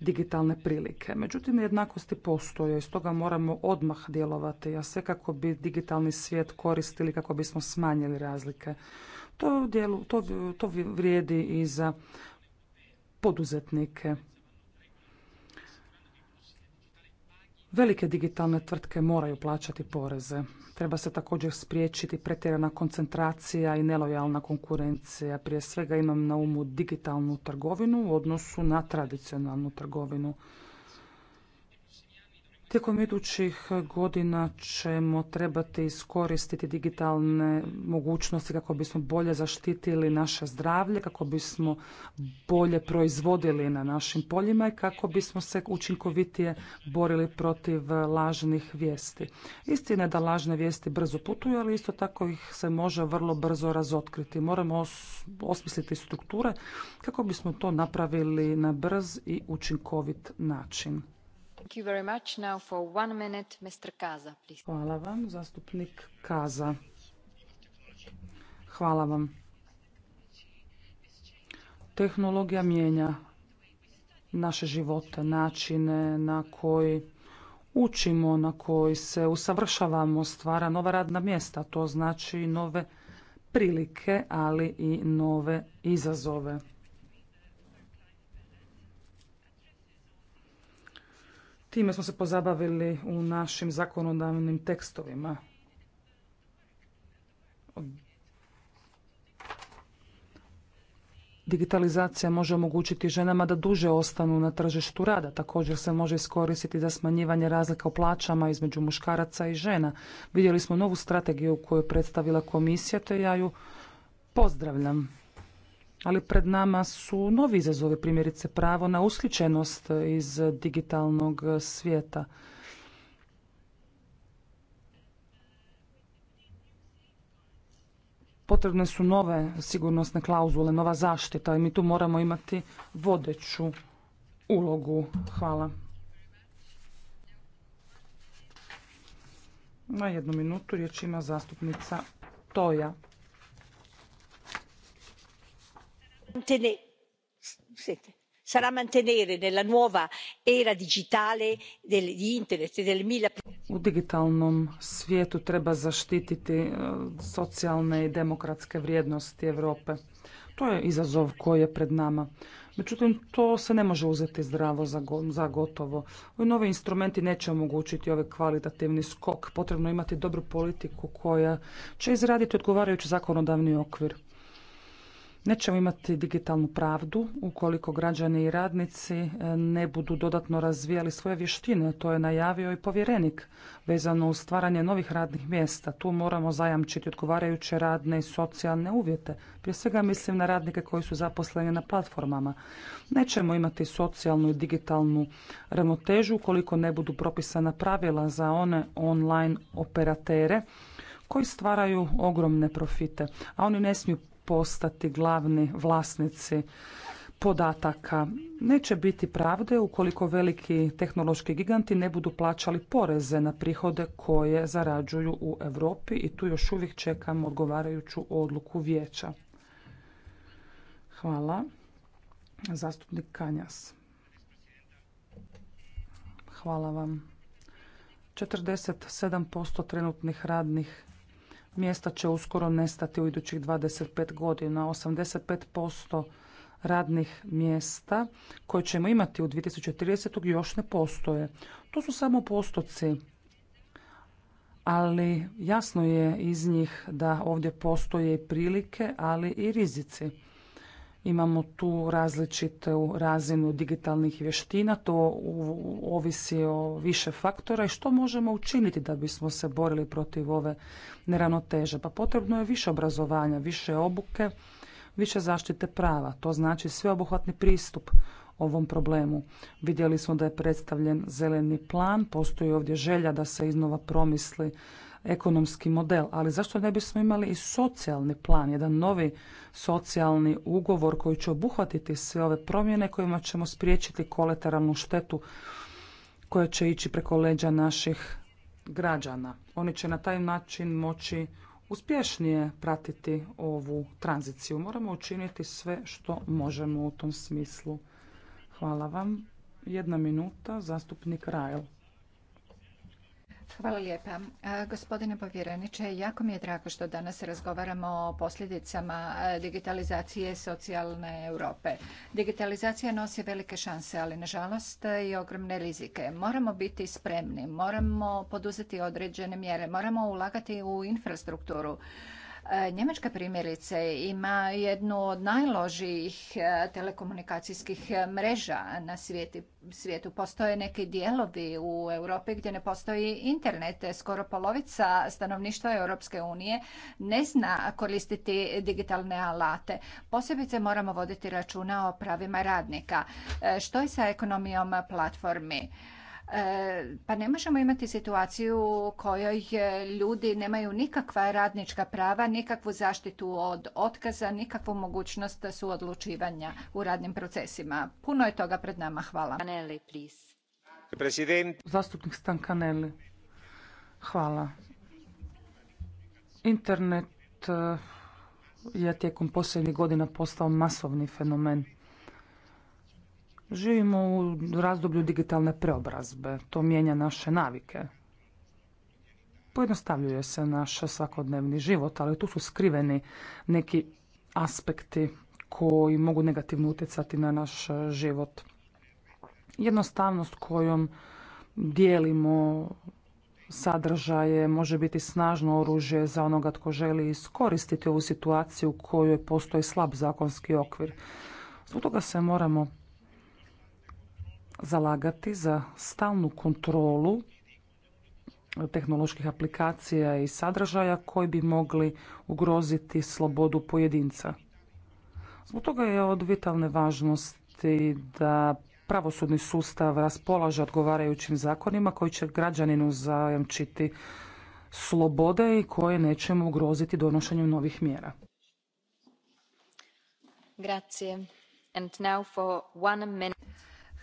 digitalne prilike. Međutim, jednakosti postoje i stoga moramo odmah djelovati, a sve kako bi digitalni svijet koristili kako bismo smanjili razlike. To, djelu, to vrijedi i za poduzetnike. Velike digitalne tvrtke moraju plaćati poreze. Treba se također spriječiti pretjerana koncentracija i nelojalna konkurencija. Prije svega imam na umu digitalnu trgovinu u odnosu na tradicionalnu trgovinu. Tijekom idućih godina ćemo trebati iskoristiti digitalne mogućnosti kako bismo bolje zaštitili naše zdravlje, kako bismo bolje proizvodili na našim poljima i kako bismo se učinkovitije borili protiv lažnih vijesti. Istina je da lažne vijesti brzo putuju, ali isto tako ih se može vrlo brzo razotkriti. Moramo osmisliti strukture kako bismo to napravili na brz i učinkovit način. Hvala vam, zastupnik Kaza. Hvala vam. Tehnologija mijenja naše živote, načine na koji učimo, na koji se usavršavamo, stvara nova radna mjesta, to znači nove prilike, ali i nove izazove. Time smo se pozabavili u našim zakonodavnim tekstovima. Digitalizacija može omogućiti ženama da duže ostanu na tržištu rada. Također se može iskoristiti za smanjivanje razlika u plaćama između muškaraca i žena. Vidjeli smo novu strategiju koju je predstavila komisija, te ja ju pozdravljam ali pred nama su novi izazovi, primjerice pravo na usličenost iz digitalnog svijeta. Potrebne su nove sigurnosne klauzule, nova zaštita i mi tu moramo imati vodeću ulogu. Hvala. Na jednu minutu riječ ima zastupnica Toja. sarà mantenere nella nuova era digitale di internet u digitalnom svijetu treba zaštititi e, socijalne i demokratske vrijednosti Europe. To je izazov koji je pred nama. Međutim, to se ne može uzeti zdravo za gotovo. Ovi novi instrumenti neće omogućiti ovaj kvalitativni skok. Potrebno je imati dobru politiku koja će izraditi odgovarajući zakonodavni okvir. Nećemo imati digitalnu pravdu ukoliko građani i radnici e, ne budu dodatno razvijali svoje vještine. To je najavio i povjerenik vezano uz stvaranje novih radnih mjesta. Tu moramo zajamčiti odgovarajuće radne i socijalne uvjete. Prije svega mislim na radnike koji su zaposleni na platformama. Nećemo imati socijalnu i digitalnu ravnotežu ukoliko ne budu propisana pravila za one online operatere koji stvaraju ogromne profite, a oni ne smiju postati glavni vlasnici podataka. Neće biti pravde ukoliko veliki tehnološki giganti ne budu plaćali poreze na prihode koje zarađuju u Europi i tu još uvijek čekamo odgovarajuću odluku vijeća. Hvala. Zastupnik Kanjas. Hvala vam. 47% trenutnih radnih mjesta će uskoro nestati u idućih 25 godina. 85% radnih mjesta koje ćemo imati u 2030. još ne postoje. To su samo postoci, ali jasno je iz njih da ovdje postoje i prilike, ali i rizici. Imamo tu različitu razinu digitalnih vještina, to ovisi o više faktora i što možemo učiniti da bismo se borili protiv ove neravnoteže. Pa potrebno je više obrazovanja, više obuke, više zaštite prava. To znači sveobuhvatni pristup ovom problemu. Vidjeli smo da je predstavljen zeleni plan, postoji ovdje želja da se iznova promisli ekonomski model, ali zašto ne bismo imali i socijalni plan, jedan novi socijalni ugovor koji će obuhvatiti sve ove promjene kojima ćemo spriječiti kolateralnu štetu koja će ići preko leđa naših građana. Oni će na taj način moći uspješnije pratiti ovu tranziciju. Moramo učiniti sve što možemo u tom smislu. Hvala vam. Jedna minuta, zastupnik Rajl. Hvala lijepa. Gospodine povjereniče, jako mi je drago što danas razgovaramo o posljedicama digitalizacije socijalne Europe. Digitalizacija nosi velike šanse, ali nažalost e, i ogromne rizike. Moramo biti spremni, moramo poduzeti određene mjere, moramo ulagati u infrastrukturu. E, Njemačka primjerice ima jednu od najložijih e, telekomunikacijskih mreža na svijetu. Postoje neki dijelovi u Europi gdje ne postoji internet. Skoro polovica stanovništva Europske unije ne zna koristiti digitalne alate. Posebice moramo voditi računa o pravima radnika. E, Što je sa ekonomijom platformi? E, pa ne možemo imati situaciju u kojoj e, ljudi nemaju nikakva radnička prava, nikakvu zaštitu od otkaza, nikakvu mogućnost suodlučivanja u radnim procesima. Puno je toga pred nama. Hvala. Zastupnik Stankaneli. Hvala. Internet e, je tijekom posljednjih godina postao masovni fenomen. Živimo u razdoblju digitalne preobrazbe. To mijenja naše navike. Pojednostavljuje se naš svakodnevni život, ali tu su skriveni neki aspekti koji mogu negativno utjecati na naš život. Jednostavnost kojom dijelimo sadržaje može biti snažno oružje za onoga tko želi iskoristiti ovu situaciju u kojoj postoji slab zakonski okvir. Zbog toga se moramo zalagati za stalnu kontrolu tehnoloških aplikacija i sadržaja koji bi mogli ugroziti slobodu pojedinca. Zbog toga je od vitalne važnosti da pravosudni sustav raspolaže odgovarajućim zakonima koji će građaninu zajamčiti slobode i koje nećemo ugroziti donošenjem novih mjera.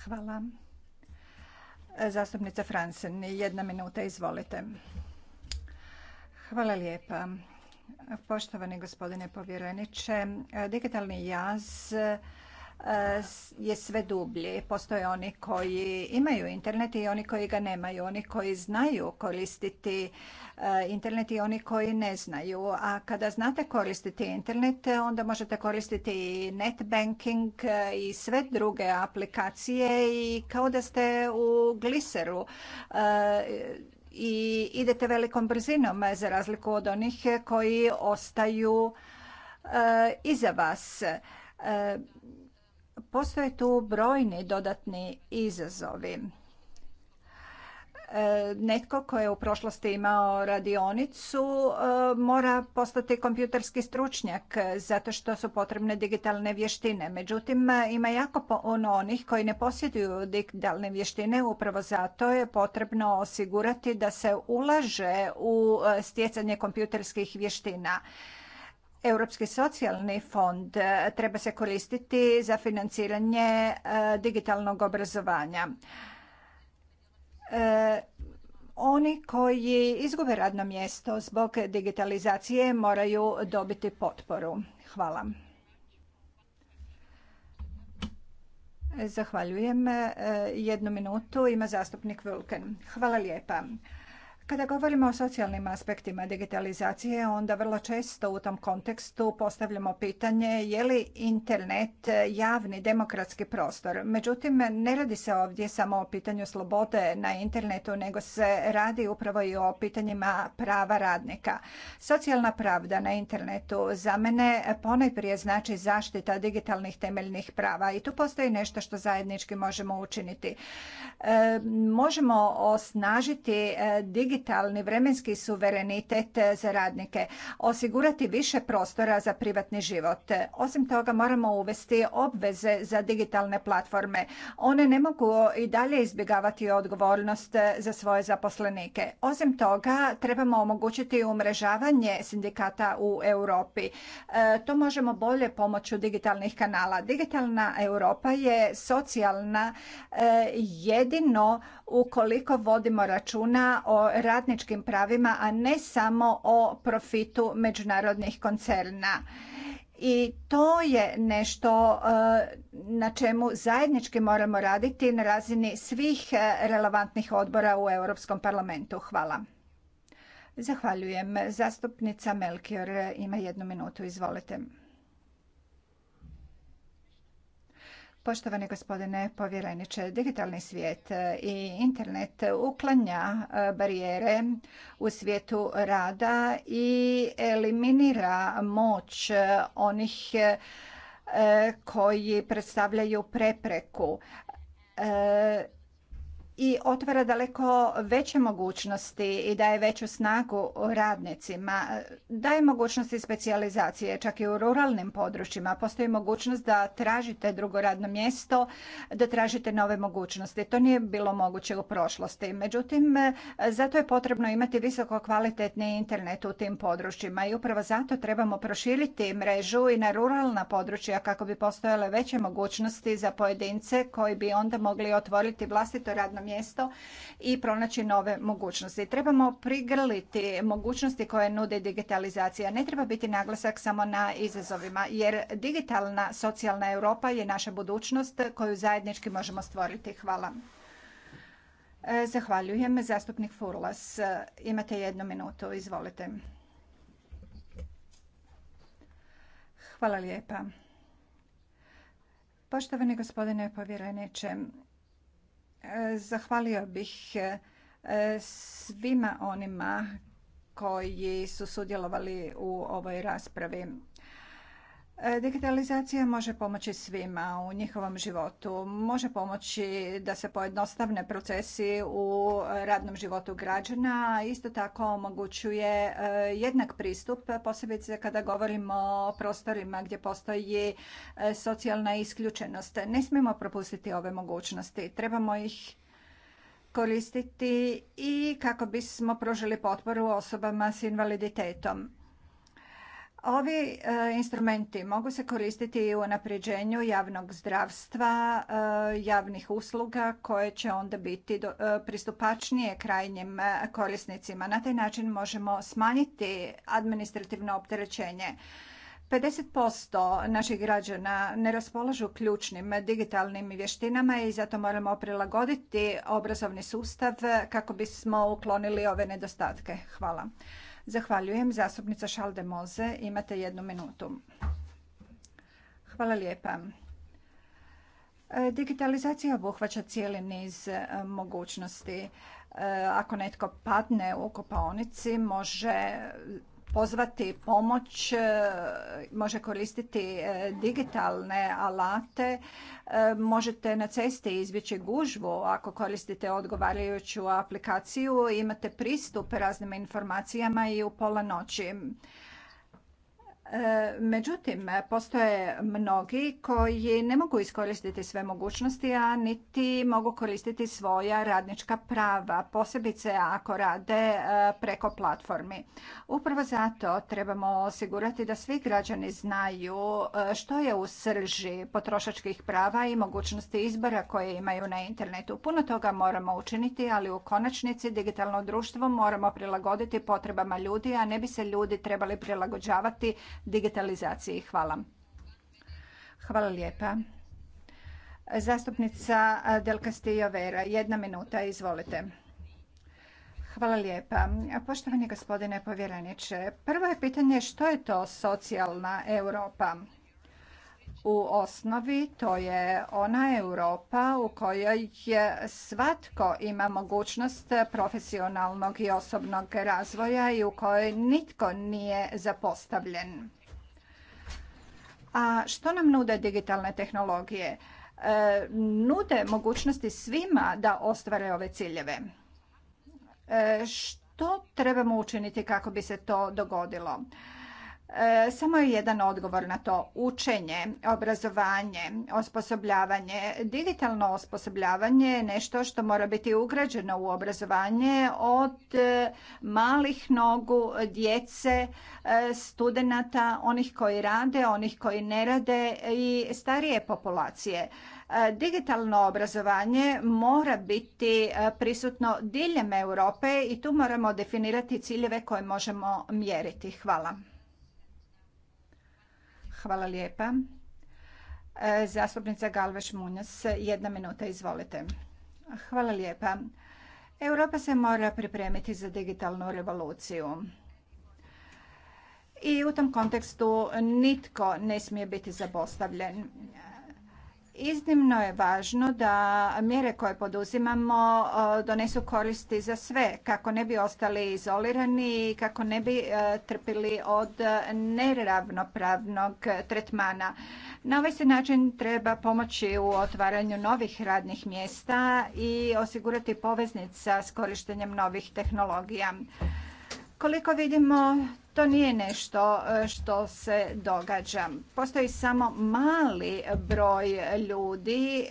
Hvala. Zastupnica Fransen, jedna minuta, izvolite. Hvala lijepa. Poštovani gospodine povjereniče, digitalni jaz E, je sve dublji. Postoje oni koji imaju internet i oni koji ga nemaju, oni koji znaju koristiti e, internet i oni koji ne znaju. A kada znate koristiti internet, onda možete koristiti i net banking e, i sve druge aplikacije i kao da ste u gliseru i idete velikom brzinom za razliku od onih koji ostaju iza vas Postoje tu brojni dodatni izazovi. E, netko ko je u prošlosti imao radionicu e, mora postati kompjuterski stručnjak zato što su potrebne digitalne vještine. Međutim, ima jako puno onih koji ne posjeduju digitalne vještine. Upravo zato je potrebno osigurati da se ulaže u e, stjecanje kompjuterskih vještina Europski socijalni fond e, treba se koristiti za financiranje e, digitalnog obrazovanja. E, oni koji izgube radno mjesto zbog digitalizacije moraju dobiti potporu. Hvala. Zahvaljujem. Jednu minutu ima zastupnik Vulken. Hvala lijepa. Kada govorimo o socijalnim aspektima digitalizacije, onda vrlo često u tom kontekstu postavljamo pitanje je li internet javni demokratski prostor. Međutim, ne radi se ovdje samo o pitanju slobode na internetu, nego se radi upravo i o pitanjima prava radnika. Socijalna pravda na internetu za mene ponajprije znači zaštita digitalnih temeljnih prava i tu postoji nešto što zajednički možemo učiniti. E, možemo osnažiti e, digitalnu digitalni vremenski suverenitet eh, za radnike, osigurati više prostora za privatni život. Osim toga moramo uvesti obveze za digitalne platforme. One ne mogu i dalje izbjegavati odgovornost eh, za svoje zaposlenike. Osim toga trebamo omogućiti umrežavanje sindikata u Europi. Eh, to možemo bolje pomoću digitalnih kanala. Digitalna Europa je socijalna jedino ukoliko vodimo računa o radničkim pravima, a ne samo o profitu međunarodnih koncerna. I to je nešto eh, na čemu zajednički moramo raditi na razini svih eh, relevantnih odbora u Europskom parlamentu. Hvala. Zahvaljujem. Zastupnica Melkior eh, ima jednu minutu. Izvolite. Poštovani gospodine povjereniče, digitalni svijet e, i internet uklanja e, barijere u svijetu rada i eliminira moć e, onih koji predstavljaju prepreku i otvara daleko veće mogućnosti i daje veću snagu radnicima. Daje mogućnosti specijalizacije, čak i u ruralnim područjima. Postoji mogućnost da tražite drugo radno mjesto, da tražite nove mogućnosti. To nije bilo moguće u prošlosti. Međutim, zato je potrebno imati visoko kvalitetni internet u tim područjima i upravo zato trebamo proširiti mrežu i na ruralna područja kako bi postojale veće mogućnosti za pojedince koji bi onda mogli otvoriti vlastito radno mjesto i pronaći nove mogućnosti. Trebamo prigrliti mogućnosti koje nude digitalizacija. Ne treba biti naglasak samo na izazovima, jer digitalna socijalna Europa je naša budućnost koju zajednički možemo stvoriti. Hvala. E, zahvaljujem. Zastupnik Furlas, e, imate jednu minutu, izvolite. Hvala lijepa. Poštovani gospodine povjereniče, Zahvalio bih e, svima onima koji su sudjelovali u ovoj raspravi. E, digitalizacija može pomoći svima u njihovom životu. Može pomoći da se pojednostavne procesi u radnom životu građana, isto tako omogućuje e, jednak pristup, posebice kada govorimo o prostorima gdje postoji e, socijalna isključenost. Ne smijemo propustiti ove mogućnosti. Trebamo ih koristiti i kako bismo pružili potporu osobama s invaliditetom. Ovi e, instrumenti mogu se koristiti i u unapređenju javnog zdravstva, e, javnih usluga koje će onda biti e, pristupačnije krajnjim korisnicima. Na taj način možemo smanjiti administrativno opterećenje. 50% naših građana ne raspolažu ključnim digitalnim vještinama i zato moramo prilagoditi obrazovni sustav kako bismo uklonili ove nedostatke. Hvala. Zahvaljujem. Zastupnica Šalde Moze, imate jednu minutu. Hvala lijepa. E, digitalizacija obuhvaća cijeli niz e, mogućnosti. E, ako netko padne u kopaonici, može pozvati pomoć, e, može koristiti e, digitalne alate, e, možete na cesti izbjeći gužvu ako koristite odgovarajuću aplikaciju, imate pristup raznim informacijama i u pola noći. E, međutim, postoje mnogi koji ne mogu iskoristiti sve mogućnosti, a niti mogu koristiti svoja radnička prava, posebice ako rade e, preko platformi. Upravo zato trebamo osigurati da svi građani znaju e, što je u srži potrošačkih prava i mogućnosti izbora koje imaju na internetu. Puno toga moramo učiniti, ali u konačnici digitalno društvo moramo prilagoditi potrebama ljudi, a ne bi se ljudi trebali prilagođavati digitalizaciji. Hvala. Hvala lijepa. Zastupnica Del Castillo Vera, jedna minuta, izvolite. Hvala lijepa. Poštovani gospodine povjereniče, prvo je pitanje što je to socijalna Europa? U osnovi to je ona Europa u kojoj svatko ima mogućnost profesionalnog i osobnog razvoja i u kojoj nitko nije zapostavljen. A što nam nude digitalne tehnologije? E, nude mogućnosti svima da ostvare ove ciljeve. E, što trebamo učiniti kako bi se to dogodilo? E, samo je jedan odgovor na to. Učenje, obrazovanje, osposobljavanje. Digitalno osposobljavanje je nešto što mora biti ugrađeno u obrazovanje od e, malih nogu, djece, e, studenata, onih koji rade, onih koji ne rade i starije populacije. Digitalno obrazovanje mora biti prisutno diljem Europe i tu moramo definirati ciljeve koje možemo mjeriti. Hvala. Hvala lijepa. E, Zastupnica Galveš Munjas, jedna minuta, izvolite. Hvala lijepa. Europa se mora pripremiti za digitalnu revoluciju. I u tom kontekstu nitko ne smije biti zapostavljen. Iznimno je važno da mjere koje poduzimamo e, donesu koristi za sve, kako ne bi ostali izolirani i kako ne bi e, trpili od neravnopravnog tretmana. Na ovaj se način treba pomoći u otvaranju novih radnih mjesta i osigurati poveznica s korištenjem novih tehnologija. Koliko vidimo, to nije nešto e, što se događa. Postoji samo mali broj ljudi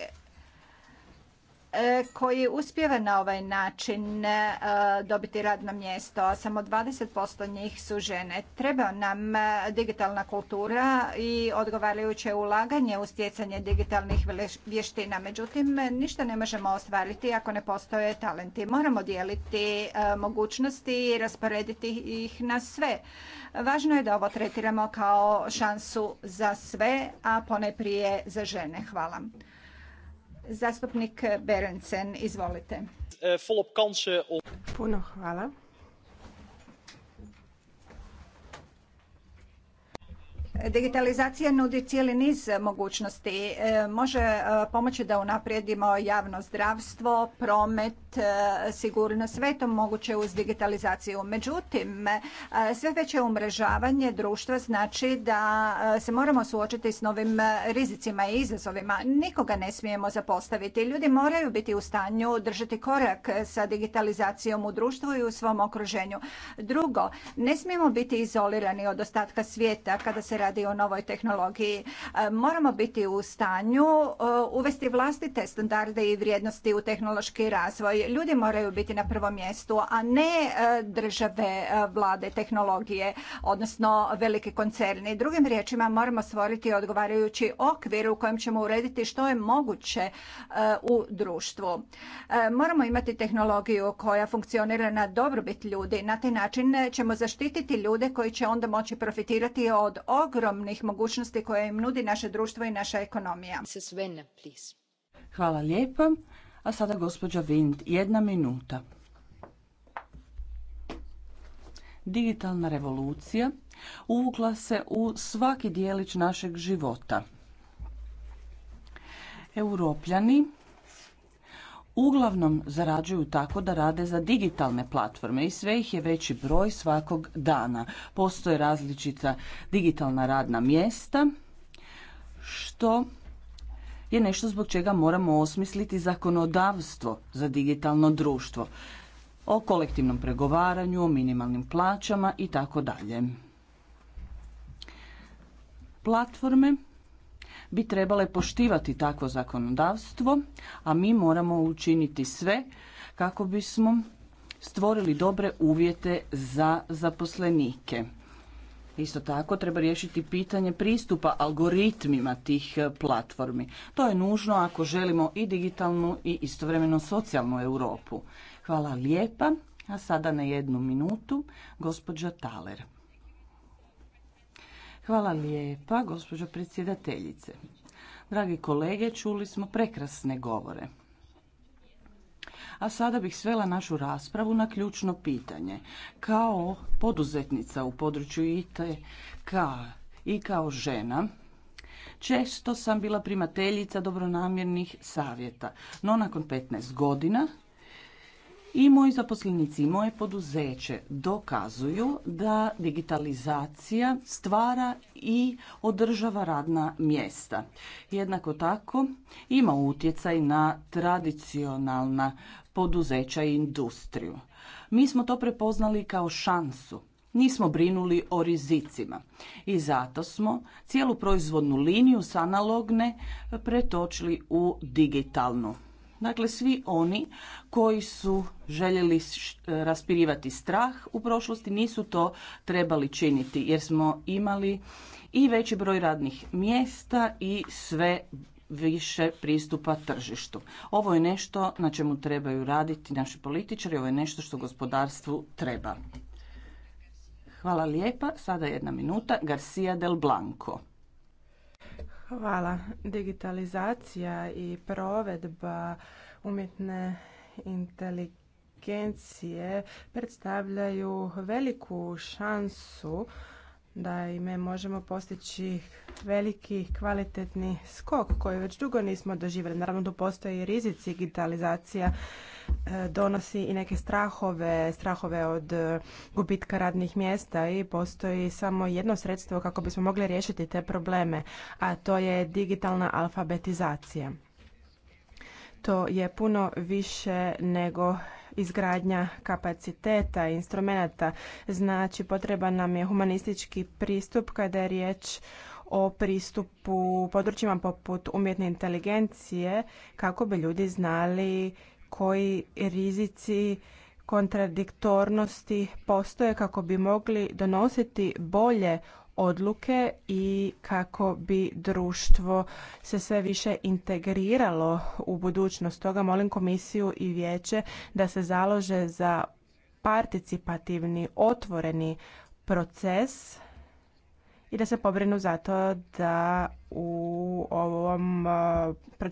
E, koji uspjeva na ovaj način e, dobiti radno mjesto, a samo 20% njih su žene. Treba nam e, digitalna kultura i odgovarajuće ulaganje u stjecanje digitalnih vještina. Međutim, ništa ne možemo ostvariti ako ne postoje talenti. Moramo dijeliti mogućnosti i rasporediti ih na sve. Važno je da ovo tretiramo kao šansu za sve, a pone prije za žene. Hvala. Zastupnik Berensen, izvolite. Eh, Puno hvala. Digitalizacija nudi cijeli niz mogućnosti. E, može e, pomoći da unaprijedimo javno zdravstvo, promet, e, sigurnost, sve to moguće uz digitalizaciju. Međutim, sve veće umrežavanje društva znači da se moramo suočiti s novim rizicima i izazovima. Nikoga ne smijemo zapostaviti. Ljudi moraju biti u stanju držati korak sa digitalizacijom u društvu i u svom okruženju. Drugo, ne smijemo biti izolirani od ostatka svijeta kada se radi radi o novoj tehnologiji. E, moramo biti u stanju e, uvesti vlastite standarde i vrijednosti u tehnološki razvoj. Ljudi moraju biti na prvom mjestu, a ne e, države, vlade, tehnologije, odnosno veliki koncerni. Drugim riječima moramo stvoriti odgovarajući okvir u kojem ćemo urediti što je moguće u društvu. Moramo imati tehnologiju koja funkcionira na dobrobit ljudi. Na taj način ćemo zaštititi ljude koji će onda moći profitirati od ogromnog ogromnih mogućnosti koje im nudi naše društvo i naša ekonomija. Hvala lijepa. A sada gospođa Vind, jedna minuta. Digitalna revolucija uvukla se u svaki dijelić našeg života. Europljani uglavnom zarađuju tako da rade za digitalne platforme i sve ih je veći broj svakog dana. Postoje različita digitalna radna mjesta što je nešto zbog čega moramo osmisliti zakonodavstvo za digitalno društvo o kolektivnom pregovaranju, o minimalnim plaćama i tako dalje. Platforme bi trebale poštivati takvo zakonodavstvo, a mi moramo učiniti sve kako bismo stvorili dobre uvjete za zaposlenike. Isto tako treba riješiti pitanje pristupa algoritmima tih e, platformi. To je nužno ako želimo i digitalnu i istovremeno socijalnu Europu. Hvala lijepa. A sada na jednu minutu gospođa Taler. Hvala lijepa, gospođo predsjedateljice. Dragi kolege, čuli smo prekrasne govore. A sada bih svela našu raspravu na ključno pitanje. Kao poduzetnica u području ITK i kao žena, često sam bila primateljica dobronamjernih savjeta. No nakon 15 godina i moji zaposlenici i moje poduzeće dokazuju da digitalizacija stvara i održava radna mjesta. Jednako tako ima utjecaj na tradicionalna poduzeća i industriju. Mi smo to prepoznali kao šansu. Nismo brinuli o rizicima i zato smo cijelu proizvodnu liniju s analogne pretočili u digitalnu. Dakle, svi oni koji su željeli e, raspirivati strah u prošlosti nisu to trebali činiti jer smo imali i veći broj radnih mjesta i sve više pristupa tržištu. Ovo je nešto na čemu trebaju raditi naši političari, ovo je nešto što gospodarstvu treba. Hvala lijepa. Sada jedna minuta. Garcia del Blanco. Hvala. Digitalizacija i provedba umjetne inteligencije predstavljaju veliku šansu da me možemo postići veliki kvalitetni skok koji već dugo nismo doživjeli. Naravno tu postoje i rizici, digitalizacija e, donosi i neke strahove, strahove od e, gubitka radnih mjesta i postoji samo jedno sredstvo kako bismo mogli riješiti te probleme, a to je digitalna alfabetizacija. To je puno više nego izgradnja kapaciteta i instrumenata. Znači, potreban nam je humanistički pristup kada je riječ o pristupu područjima poput umjetne inteligencije kako bi ljudi znali koji rizici kontradiktornosti postoje kako bi mogli donositi bolje odluke i kako bi društvo se sve više integriralo u budućnost. toga. molim komisiju i vijeće da se založe za participativni, otvoreni proces i da se pobrinu za to da u ovom eh, procesu